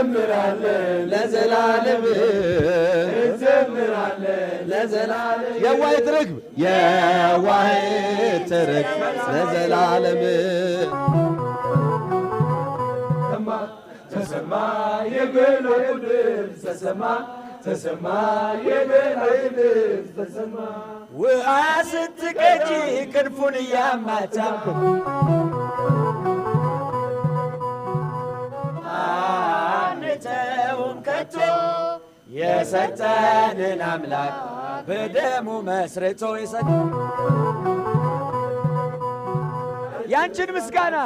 እንዘምራለን ለዘላለም የዋህት ርግብ የዋህት ርግብ ለዘላለም ተሰማ ተሰማ ተሰማ ውሃ ስትቀጂ ክንፉን እያማታ ሰጥቶ የሰጠንን አምላክ በደሙ መስርቶ የሰጠ ያንቺን ምስጋና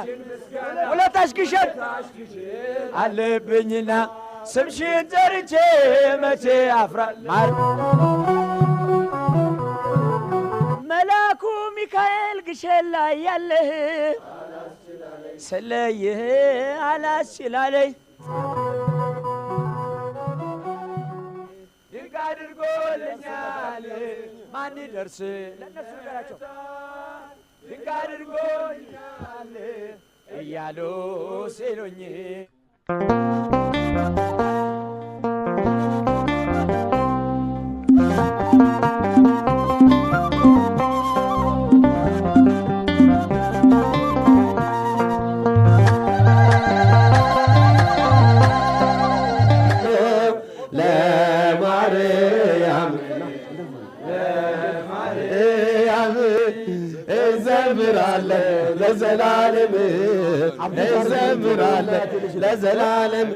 ሁለታሽ ግሸን አለብኝና ስምሽን ጠርቼ መቼ አፍራ ማር መላኩ ሚካኤል ግሸን ላይ ያለህ ስለይህ አላስችላለኝ ማን ደርስ ለእነሱ ነገራቸው ድንቅ አድርጎኛል እያሉ ሲሉኝ ለማርያም ያም እዘምራለን ለዘላለም እዘምራለን ለዘላለም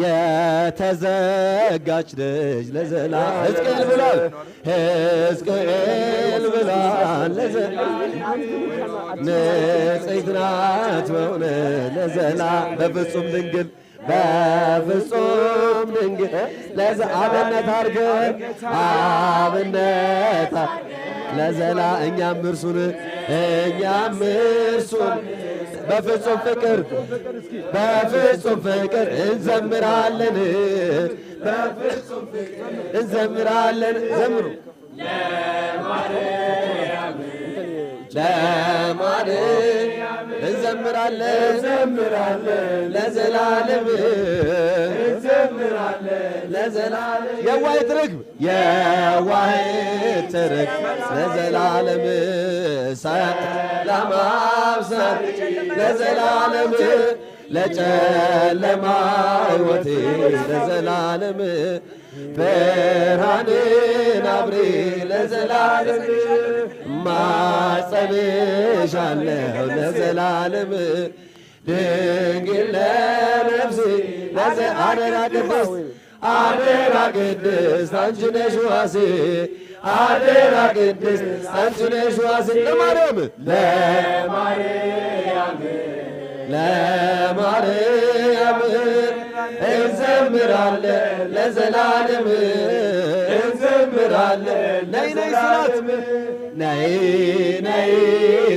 የተዘጋች ደጅ ለዘላለም ሕዝቅኤል ብሏል ሕዝቅኤል ብሏል ንጽሕት ናት በእውነት ለዘላለም በፍጹም ድንግል በፍጹም ድንግ ለዘ አብነት አርገን አብነት ለዘላ እኛም እርሱን እኛም እርሱን በፍጹም ፍቅር በፍጹም ፍቅር እንዘምራለን እንዘምራለን ዘምሩ እንዘምራለን እንዘምራለን ለዘላለም እንዘምራለን ለዘላለም የዋህት ርግብ የዋህት ርግብ ለዘላለም ሰላማብሰር ለዘላለም ለጨለማ ሕይወቴ ለዘላለም ብርሃንን አብሬ ለዘላለም እማጸንሻለሁ ለዘላለም ድንግል ለነፍሴ አደራ ቅድስት አደራ ቅድስት አንቺ ነሽ ዋሴ አደራ ቅድስት አንቺ ነሽ ዋሴ ለማርያም ለማርያም ለማርያም እንዘምራለን ለዘላለም እንዘምራለን ነይ ነይ ስላት ነይ ነይ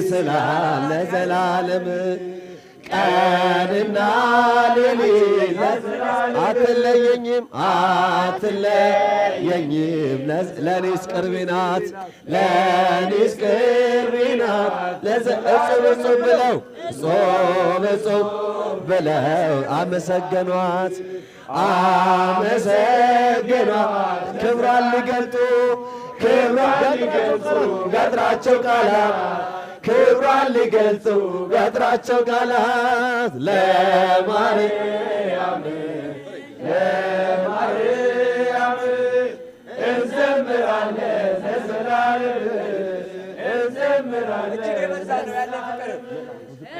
ስላት ለዘላለም ቀንና ሌሊት አትለየኝም አትለየኝም ለኔስ ቅርቤ ናት ለኔስ ቅርቤ ናት እጹብ እጹብ ብለው እጹብ እጹብ ብለው አመሰገኗት አመሰገኗት ክብሯን ሊገልጡ ክብሯን ሊገልጡ ገጥራቸው ቃላት ክብሯን ሊገልጹ በጥራቸው ቃላት ለማርያም ለማርያም እንዘምራለን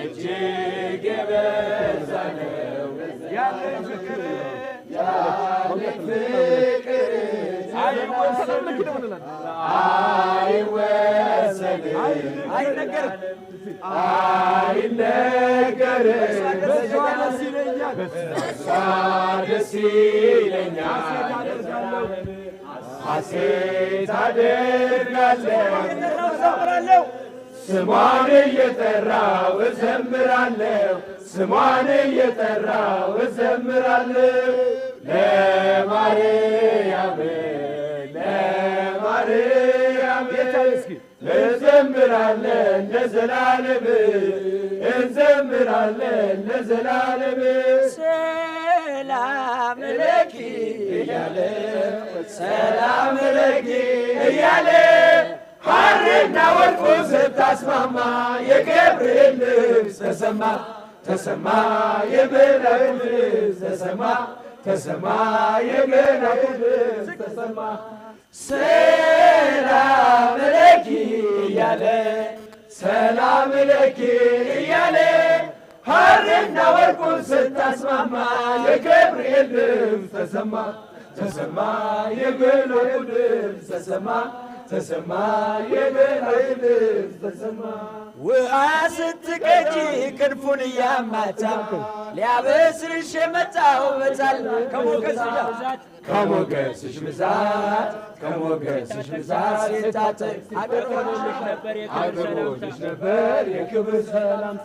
እጅግ የበዛ ነው ያለ ፍቅር ያለ ፍቅር አይወሰድም፣ አይነገርም፣ አይነገርም። በእሷ ደስ ይለኛል፣ ሐሴት አደርጋለሁ። ስሟን እየጠራው እዘምራለሁ፣ ስሟን እየጠራው እዘምራለሁ እንዘምራለን ለዘላለም እንዘምራለን ለዘላለም ሰላም ለኪ እያለ ሰላም ለኪ እያለ ሐርና ወርቁ ስታስማማ የገብርኤል ልብስ ተሰማ ተሰማ የመላእክት ልብስ ተሰማ ተሰማ የመላእክት ልብስ ተሰማ ሰላም ለኪ እያለ ሰላም ለኪ እያለ ሐርና ወርቁን ስታስማማ የገብርኤል ድምፅ ተሰማ ተሰማ የገብርኤል ድምፅ ተሰማ ተሰማ የገብርኤል ድምፅ ተሰማ ውሃ ስትቀጂ ክንፉን እያማታ ሊያበስርሽ የመጣው በዛል ከሞገስሽ ብዛት ከሞገስሽ ብዛት ሲታጠቅ አቅርቦልሽ ነበር የክብር ሰላም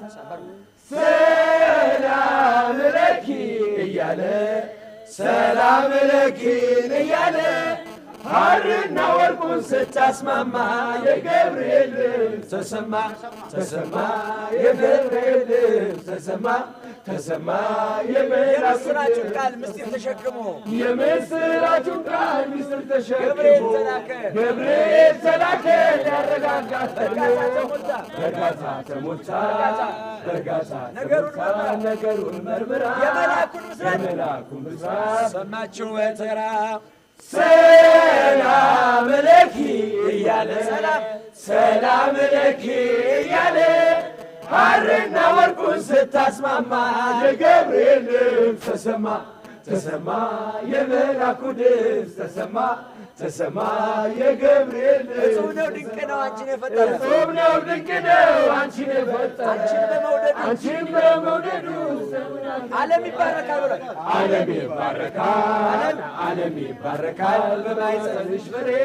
ሰላም ለኪ እያለ ሰላም ለኪን እያለ ሐርና ወርቁን ስታስማማ የገብርኤል ተሰማ ተሰማ የገብርኤል ተሰማ ተሰማ የምስራቹን ቃል ምስጢር ተሸክሞ የምስራቹን ቃል ምስጢር ተሸክሞ ገብርኤል ተላከ ተሞልታ ነገሩን መርምራ የመላኩን ወተራ ሰላም ለኪ እያለ ሰላም ለኪ እያለ ሐርና ወርቁን ስታስማማ የገብርኤል ድምፅ ተሰማ ተሰማ የመላኩ ድምፅ ተሰማ ተሰማ የገብርኤል እጹብ ነው ድንቅ ነው አንቺን የፈጠረ እጹብ ነው ድንቅ ነው አንቺን የፈጠረ አንቺን በመውደዱ አንቺን በመውደዱ ዓለም ይባረካል ብሏል። ዓለም ይባረካል ዓለም ይባረካል ፍሬ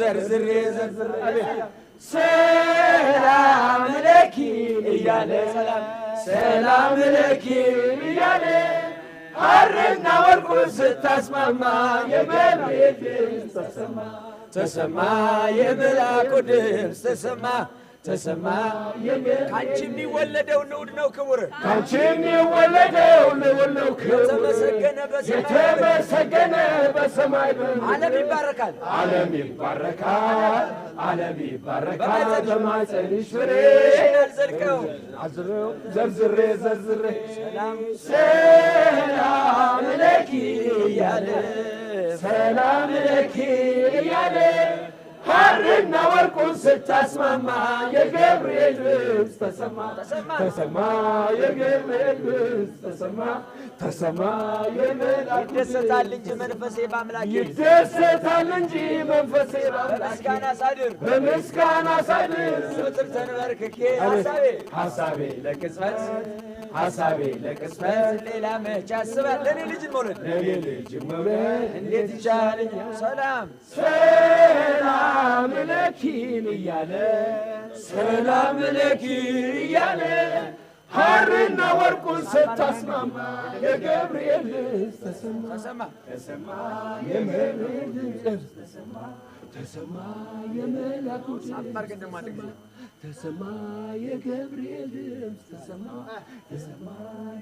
ዘርዝሬ ዘርዝሬ ሰላም ለኪ እያለ ሰላም ለኪ እያለ ሐርና ወርቁ ስታስማማ የገብርኤል ድምፅ ተሰማ ተሰማ ድምፅ ተሰማ ተሰማ ካንቺ የሚወለደው ንዑድ ነው ክቡር ካንቺ የሚወለደው ንዑድ ነው ክቡር የተመሰገነ በሰማይ ዓለም ይባረካል ዓለም ይባረካል ዓለም ይባረካል በማኅፀንሽ ፍሬ ዘርዝሬ ዘርዝሬ ሰላም ለኪ እያለ ሰላም ለኪ እያለ ማርቆን ስታስማማ የገብርኤል ድምፅ ተሰማ ተሰማ የገብርኤል ድምፅ ተሰማ ተሰማ ይደሰታል እንጂ መንፈሴ በአምላኬ በምስጋና ሳድር ለቅጽበት ለቅጽበት ሌላ ለእኔ መውለድ ለእኔ መውለድ እንዴት ሰላም ሰላም ለኪ ለኪን እያለ ሰላም ለኪን እያለ ሐርና ወርቁን ስታስማማ የገብርኤል ልጅ ተሰማ ተሰማ የመላኩ ተሰማ የገብርኤል ድምፅ ተሰማ ተሰማ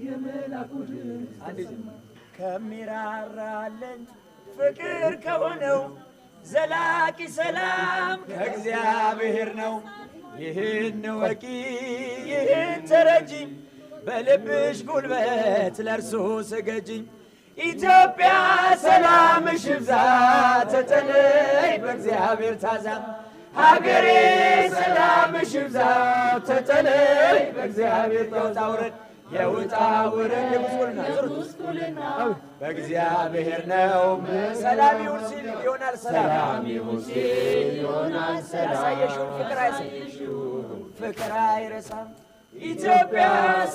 የመላኩ ድምፅ ከሚራራለን ፍቅር ከሆነው ዘላቂ ሰላም ከእግዚአብሔር ነው። ይህን ወቂ፣ ይህን ተረጂ፣ በልብሽ ጉልበት ለእርሱ ስገጂ። ኢትዮጵያ ሰላምሽ ይብዛ፣ ተጠለይ በእግዚአብሔር ታዛ። ሀገሬ ሰላምሽ ይብዛ፣ ተጠለይ በእግዚአብሔር ታውጣ የውጣ ውረድ የጉስቁልና በእግዚአብሔር ነው። ሰላም ይሁን ሲል ይሆናል። ሰላም ይሁን ሲል ይሆናል። ያሳየሽውን ፍቅር አይሰይሽውን ፍቅር አይረሳም። ኢትዮጵያ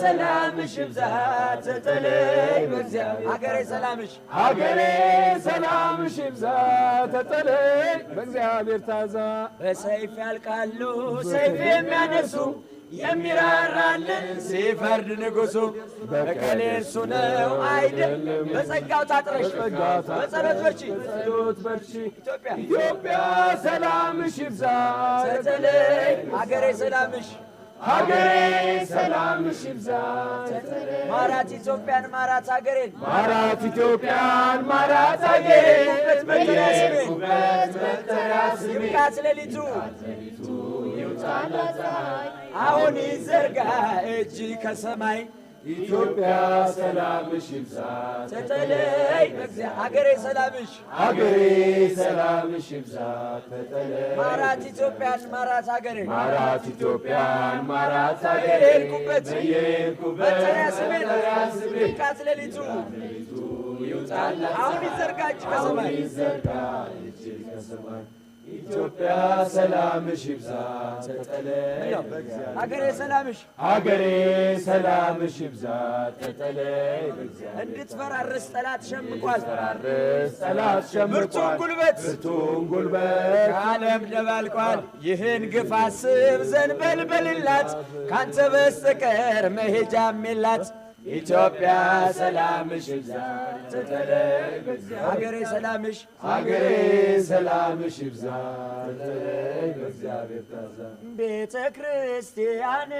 ሰላምሽ ይብዛት ተጠለይ በእግዚአብሔር ሀገሬ ሰላምሽ ሀገሬ ሰላምሽ ይብዛት ተጠለይ በእግዚአብሔር ታዛ በሰይፍ ያልቃሉ ሰይፍ የሚያነሱ የሚራራልን ሲፈርድ ንጉሱ በቀሌ እርሱ ነው አይደለም። በጸጋው ታጥረሽ በጸሎት በርቺ ኢትዮጵያ ሰላምሽ ይብዛ ተተለይ አገሬ ሰላምሽ ሀገሬ ሰላምሽ ይብዛ ማራት ኢትዮጵያን ማራት ሀገሬን ማራት ኢትዮጵያን ማራት ሀገሬን ውበት አሁን ይዘርጋ እጅ ከሰማይ ኢትዮጵያ ሰላምሽ ይብዛ ተጠለይ በእግዚአ አገሬ ሰላምሽ አገሬ ሰላምሽ ይብዛ ተጠለይ ማራት ኢትዮጵያን ማራት አገሬ ማራት ኢትዮጵያን ማራት አገሬ መጠሪያ ስሜ ሌሊቱ ይውጣል አሁን ይዘርጋ እጅ ከሰማይ ይዘርጋ እጅ ከሰማይ ኢትዮጵያ ሰላምሽ ይብዛ ተጠለይ አገሬ ሰላምሽ ይብዛ ተጠለይ እንድትፈራርስ ጠላት ሸምቋል ጠላት ሸምቋል ብርቱን ጉልበት ብርቱን ጉልበት ደባልቋል ይህን ግፍ አስብ ካንተ በስተቀር መሄጃም የላት ኢትዮጵያ ሰላምሽ ይብዛ ተተለይ ሀገሬ ሰላምሽ ሀገሬ ሰላምሽ ይብዛ ቤተ ክርስቲያን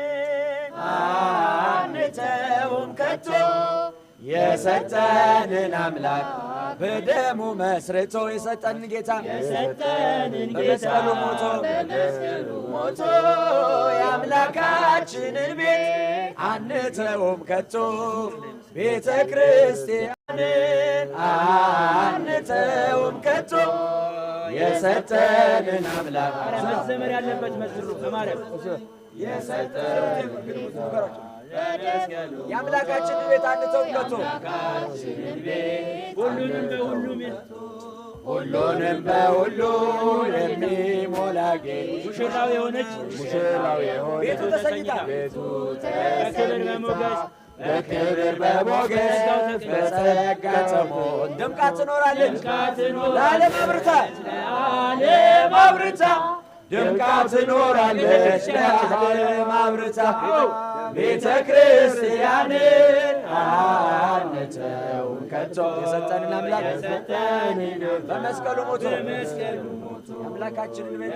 አንተውም ከቶ የሰጠንን አምላክ በደሙ መስርቶ የሰጠን ጌታ የሰጠንን በመስቀሉ ሞቶ የአምላካችንን ቤት አንተውም ከቶ ቤተ ክርስቲያንን አንተውም ከቶ የሰጠንን አምላክ መዘመር ያለበት መዝሩ በማርያም ቤት አንተውም ከቶ ሁሉንም በሁሉም ሁሉንም በሁሉ የሚሞላ ሙሽራው የሆነች ሙሽራው የሆነች ቤቱ ተሰኝታ ቤቱ በክብር በሞገስ በክብር በሞገስ በጸጋ ደምቃ ትኖራለች ለዓለም አብርታ ለዓለም አብርታ ደምቃ ትኖራለች ለዓለም አብርታ ቤተ ክርስቲያንን ከቶ የሰጠንን አምላክ በመስቀሉ ሞቶ የአምላካችንን ቤት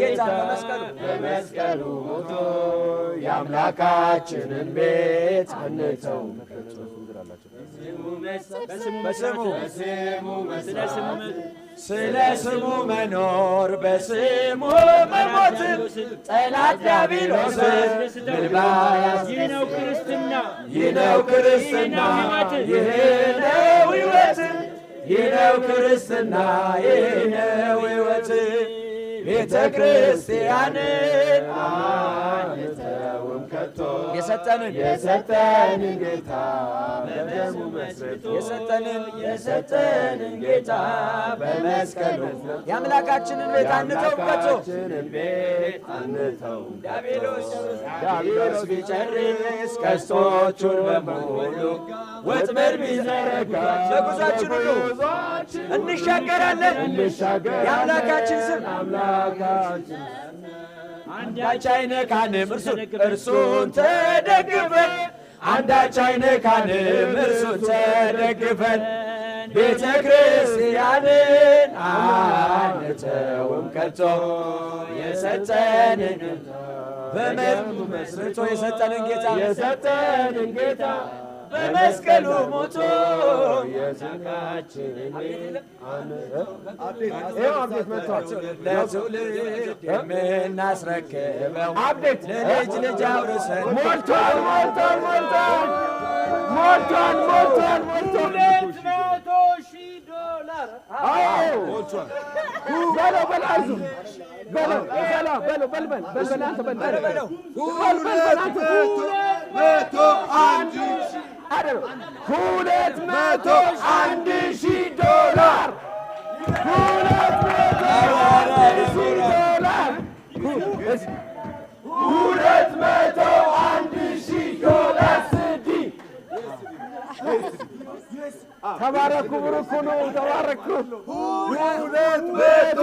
ጌታ በመስቀሉ ሞቶ የአምላካችንን ቤት አንተው በስሙ በስሙ ስለ ስሙ መኖር በስሙ መሞትም ጠላት ይህ ነው ክርስትና ይህ ነው ይህ ነው ክርስትና ይህ ነው ቤተ ክርስቲያንን ሰጥቶ የሰጠንን የሰጠንን ጌታ በደሙ መስርቶ የሰጠንን የሰጠንን ጌታ በመስቀሉ የአምላካችንን ቤት አንተው ከቶ ዳቢሎስ ዳቢሎስ ቢጨርስ ቀስቶቹን በሙሉ ወጥመድ ቢዘረጋ በጉዟችን ሁሉ እንሻገራለን። የአምላካችን ስም አምላካችን አንዳች አይነካንም እርሱን ተደግፈን አንዳች አይነካንም እርሱን ተደግፈን ቤተ ክርስቲያንን አንተውም ከቶ የሰጠንን በመ መስርቶ የሰጠንን ጌታ የሰጠንን ጌታ በመስቀሉ ሞቶ የዘቃችንን ለትውልድ የምናስረክበው አቤት ልጅ አውርሰን ሞልቷል ሞልቷል ሞልቷል ሞልቷል ሁለት መቶ አንድ ሺህ ሁለት መቶ አንድ ሺህ ዶላር ሁለት መቶ አንድ ሺህ ዶላር ሁለት መቶ አንድ ሺህ ዶላር ስዲ ተባረኩ፣ ብሩክ ሁኑ፣ ተባረኩ። ሁለት መቶ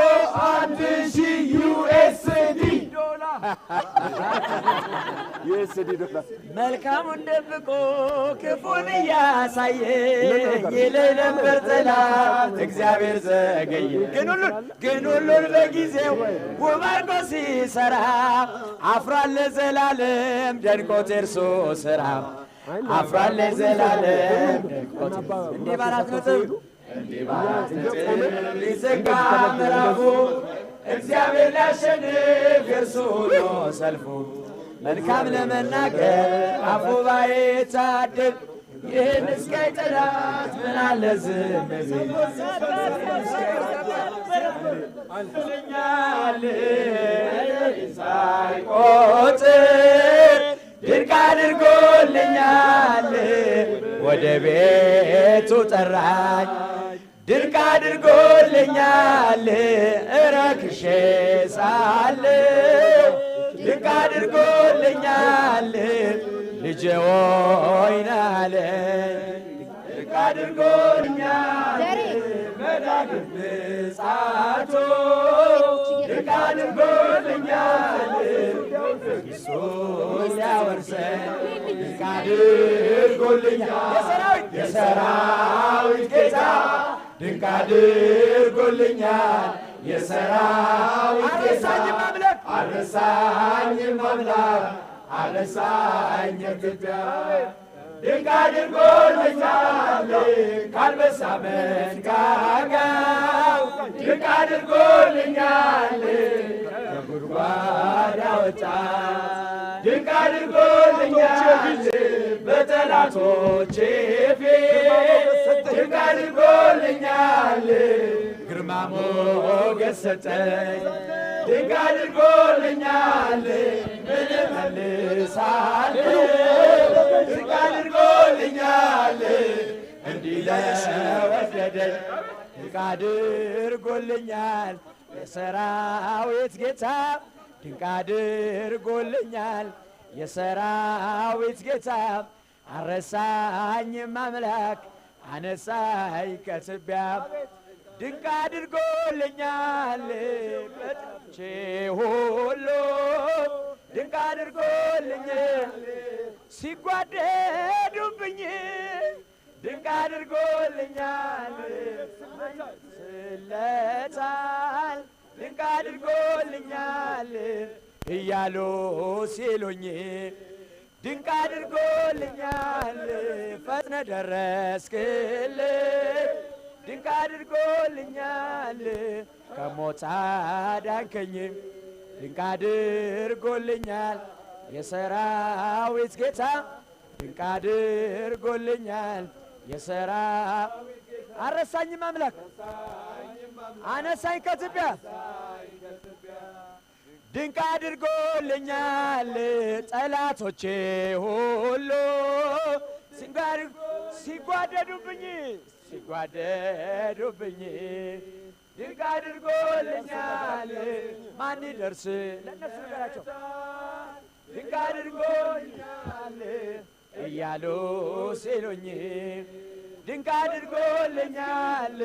አንድ ሺህ ዩኤስዲ ዶላ ዩኤስዲ ዶላ መልካሙን ደብቆ ክፉን እያሳየ ይለይ ነበር ጠላት እግዚአብሔር ዘገየ። ግን ሁሉን ግን ሁሉን በጊዜው ውብ ሲሰራ አፍሯል ለዘላለም ደንቆት የእርሱ ስራ አፍሯል ለዘላለም ደንቆት እንዲህ ባላት ነጥብ እንዲህ ባላት ነጥብ ሊዘጋ ምዕራፉ እግዚአብሔር ሊያሸንፍ የእርሱ ነው ሰልፉ። መልካም ለመናገር አፉ ባይታደል ይህን እስካይ ጠላት ምን አለ ዝም ብለኛል ሳይቆጥር ድርቅ አድርጎልኛል ወደ ቤቱ ጠራኝ ድንቅ አድርጎልኛል እረክሼ ሳለሁ ድንቅ አድርጎልኛል ልጄ ወይ ናለኝ ድንቅ አድርጎልኛል መዳግም ምጽአቱ ድንቅ አድርጎልኛል እሱን ሊያወርሰን ድንቅ አድርጎልኛል የሰራዊት ጌታ ድንቅ አድርጎልኛል የሰራዊት አረሳኝ አልረሳኝ አረሳኝ አልረሳኝ ኢትዮጵያ ድንቅ አድርጎልኛል ካልበሳ መንጋጋው ድንቅ አድርጎልኛል ከጉድጓድ አወጣኝ ድንቅ አድርጎልኛል በጠላቶቼ አድርጎልኛል፣ ግርማ ሞገስ ሰጠኝ። ድንቅ አድርጎልኛል፣ ምን እመልሳለሁ? ድንቅ አድርጎልኛል፣ እንዲህ ለወደደኝ ድንቅ አድርጎልኛል። የሰራዊት ጌታ ድንቅ አድርጎልኛል። የሰራዊት ጌታ አረሳኝም አምላክ አነሳይ ከትቢያ ድንቅ አድርጎልኛል በጥቼ ሁሉ ድንቅ አድርጎልኝ ሲጓደዱብኝ ድንቅ አድርጎልኛል ስለታል ድንቅ አድርጎልኛል እያሉ ሲሉኝ ድንቅ አድርጎልኛል ፈጥነ ደረስክልኝ ድንቅ አድርጎልኛል ከሞት አዳንከኝ ድንቅ አድርጎልኛል የሰራዊት ጌታ ድንቅ አድርጎልኛል የሰራ አረሳኝም አምላክ አነሳኝ ከኢትዮጵያ ድንቅ አድርጎልኛል ጠላቶቼ ሁሉ ሲጓደዱብኝ ሲጓደዱብኝ ድንቅ አድርጎልኛል ማን ይደርስ ለእነሱ ነገራቸው ድንቅ አድርጎልኛል እያሉ ሲሉኝ ድንቅ አድርጎልኛል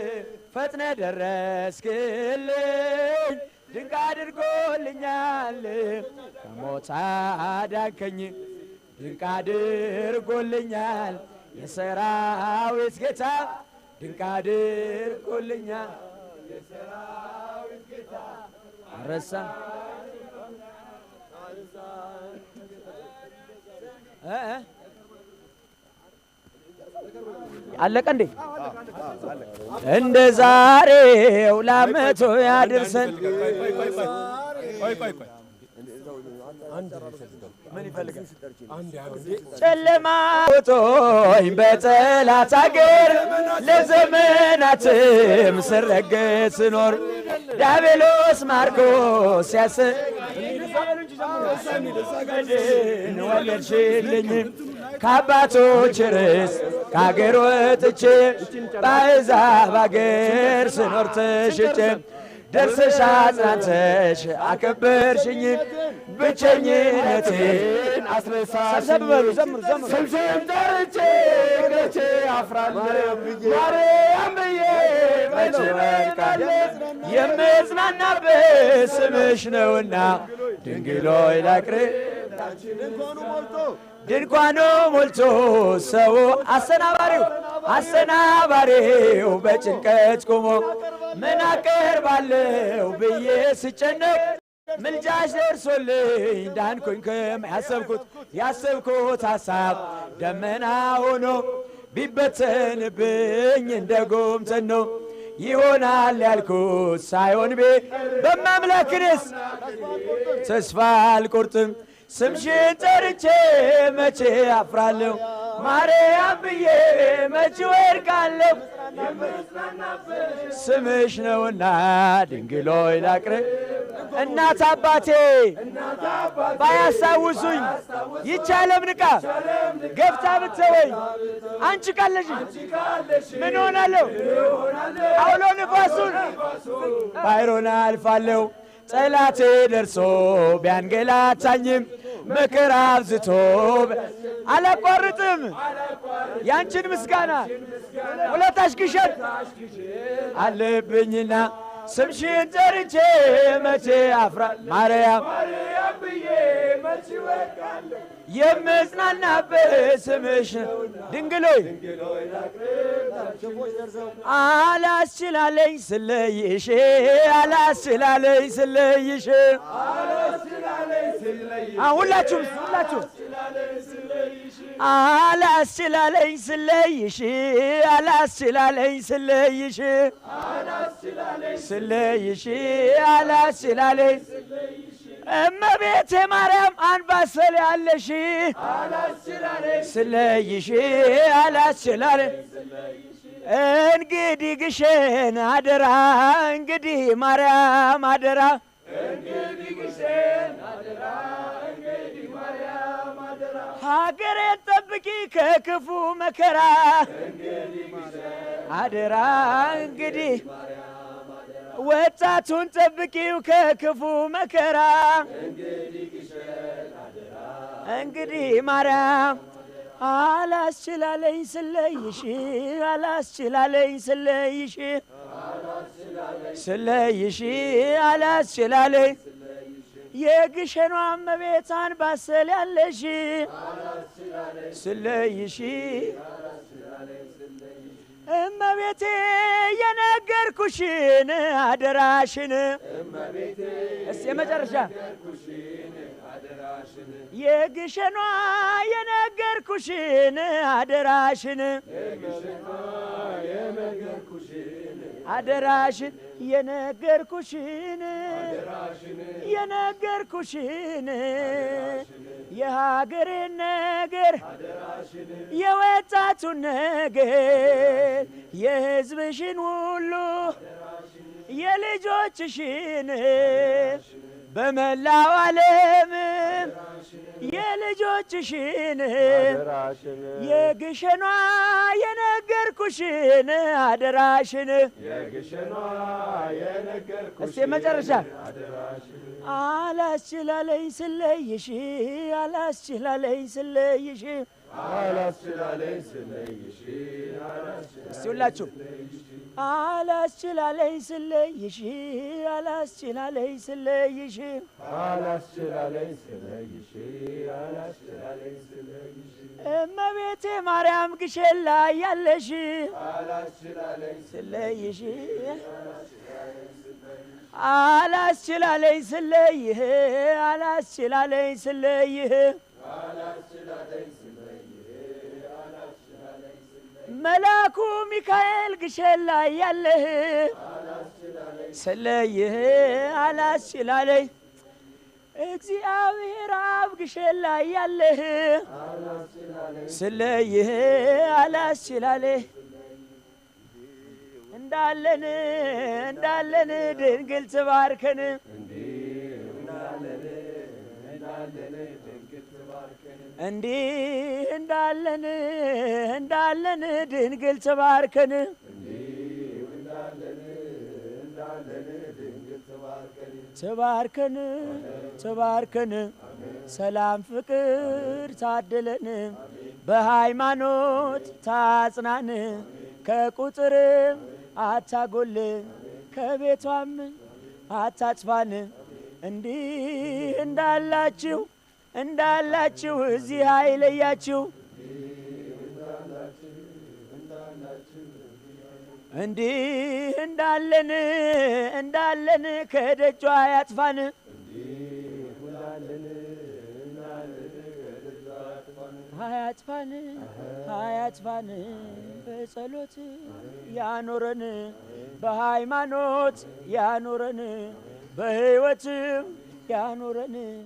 ፈጥነ ደረስክልኝ ድንቅ አድርጎልኛል ከሞት አዳንከኝ ድንቅ አድርጎልኛል የሰራዊት ጌታ ድንቅ አድርጎልኛል የሰራዊት ጌታ አረሳ እ አለቀ እንዴ? እንደ ዛሬው ላመቶ ያድርሰን። ጨለማ ውጦኝ በጠላት አገር ለዘመናትም ስረገጥ ስኖር ዳቤሎስ ማርኮስ ሲያስ ወለድሽልኝ ከአባቶች ርስ ከአገር ወጥቼ ባሕዛብ አገር ስኖር ተሽጬ ደርሰሽ አጽናንተሽ አከበርሽኝ ብቸኝነቴን አስረሳሽ። ስምሽን ጠርቼ እግረቼ አፍራለሁ ማርያም ብዬ መቼ በቃለ የምጽናናበት ስምሽ ነውና ድንግሎይ ላቅርብ ድንኳኑ ሞልቶ ሰው አሰናባሪው አሰናባሪው በጭንቀት ቆሞ ምን አቀርባለሁ ብዬ ስጨነቅ ምልጃሽ ደርሶልኝ ዳንኩኝ ያሰብኩት ያሰብኩት ሐሳብ ደመና ሆኖ ቢበተንብኝ እንደ ጎምተን ነው ይሆናል ያልኩት ሳይሆን ቤ በማምላክንስ ተስፋ አልቆርጥም ስምሽን ጠርቼ መቼ አፍራለሁ? ማርያም ብዬ መቼ ወድቃለሁ? ስምሽ ነውና ድንግሎይ ላቅርብ። እናት አባቴ ባያስታውሱኝ ይቺ ዓለም ንቃ ገብታ ብትተወኝ አንቺ ቃለሽ ምን ሆናለሁ? አውሎ ንፋሱን ባይሮና አልፋለሁ ጠላቴ ደርሶ ቢያንገላታኝም መከራ አብዝቶ አላቋርጥም ያንችን ምስጋና ሁለታሽ ግሸት አለብኝና ስምሽን ጠርቼ መቼ አፍራ ማርያም ማርያም ብዬ መቼ ወቃለሁ የምጽናናበት ስምሽ ድንግሎይ አላስችላለኝ ስለይሽ አላስችላለኝ ስለይሽ ሁላችሁም ሁላችሁም አላስችላለኝ ስለይሽ አላስችላለኝ ስለይሽ ስለይሽ አላስችላለኝ እመቤቴ ማርያም አንባሰል ያለሽ ስለይሽ አላስችላል እንግዲህ ግሸን አደራ እንግዲህ ማርያም አደራ ሀገሬን ጠብቂ ከክፉ መከራ አደራ እንግዲህ ወጣቱን ጠብቂው ከክፉ መከራ እንግዲህ ማርያም አላስችላለኝ ስለይሽ አላስችላለኝ ስለይሽ ስለይሽ አላስችላለኝ የግሸኗ እመቤት አንባሰል ያለሽ ስለይሽ እመቤቴ የነገርኩሽን አደራሽን እስቲ የመጨረሻ የግሸኗ የነገርኩሽን አደራሽን አደራሽን የነገርኩሽን የነገርኩሽን የሀገሬን ነገር የወጣቱን ነገር የሕዝብሽን ሁሉ የልጆችሽን በመላው ዓለም የልጆችሽን የግሸኗ የነገርኩሽን አደራሽን እስቲ መጨረሻ አላስችላለኝ ስለይሽ አላስችላለኝ ስለይሽ አላስችላለኝ ስለይሽ አላስችላለኝ ስለይሽ አላስችላለኝ ስለይሽ አላስችላለኝ ስለይሽ አላስችላለኝ ስለይሽ እመቤቴ ማርያም ግሸን ላይ ያለሽ አላስችላለኝ ስለይሽ አላስችላለኝ ስለይህ አላስችላለኝ ስለይህ መላኩ ሚካኤል ግሸን ላይ ያለህ ስለይህ አላስችላለኝ እግዚአብሔር አብ ግሸን ላይ ያለህ ስለይህ አላስችላለህ እንዳለን እንዳለን ድንግል ትባርከን እንዳለን እንዲህ እንዳለን እንዳለን ድንግል ተባርከን ተባርከን ተባርከን ሰላም ፍቅር ታደለን በሃይማኖት ታጽናን ከቁጥርም አታጎል ከቤቷም አታጥፋን እንዲህ እንዳላችሁ እንዳላችሁ እዚህ አይለያችሁ እንዲህ እንዳለን እንዳለን ከደጇ ያጥፋን አያጥፋን አያጥፋን በጸሎት ያኖረን በሃይማኖት ያኖረን በሕይወትም ያኖረን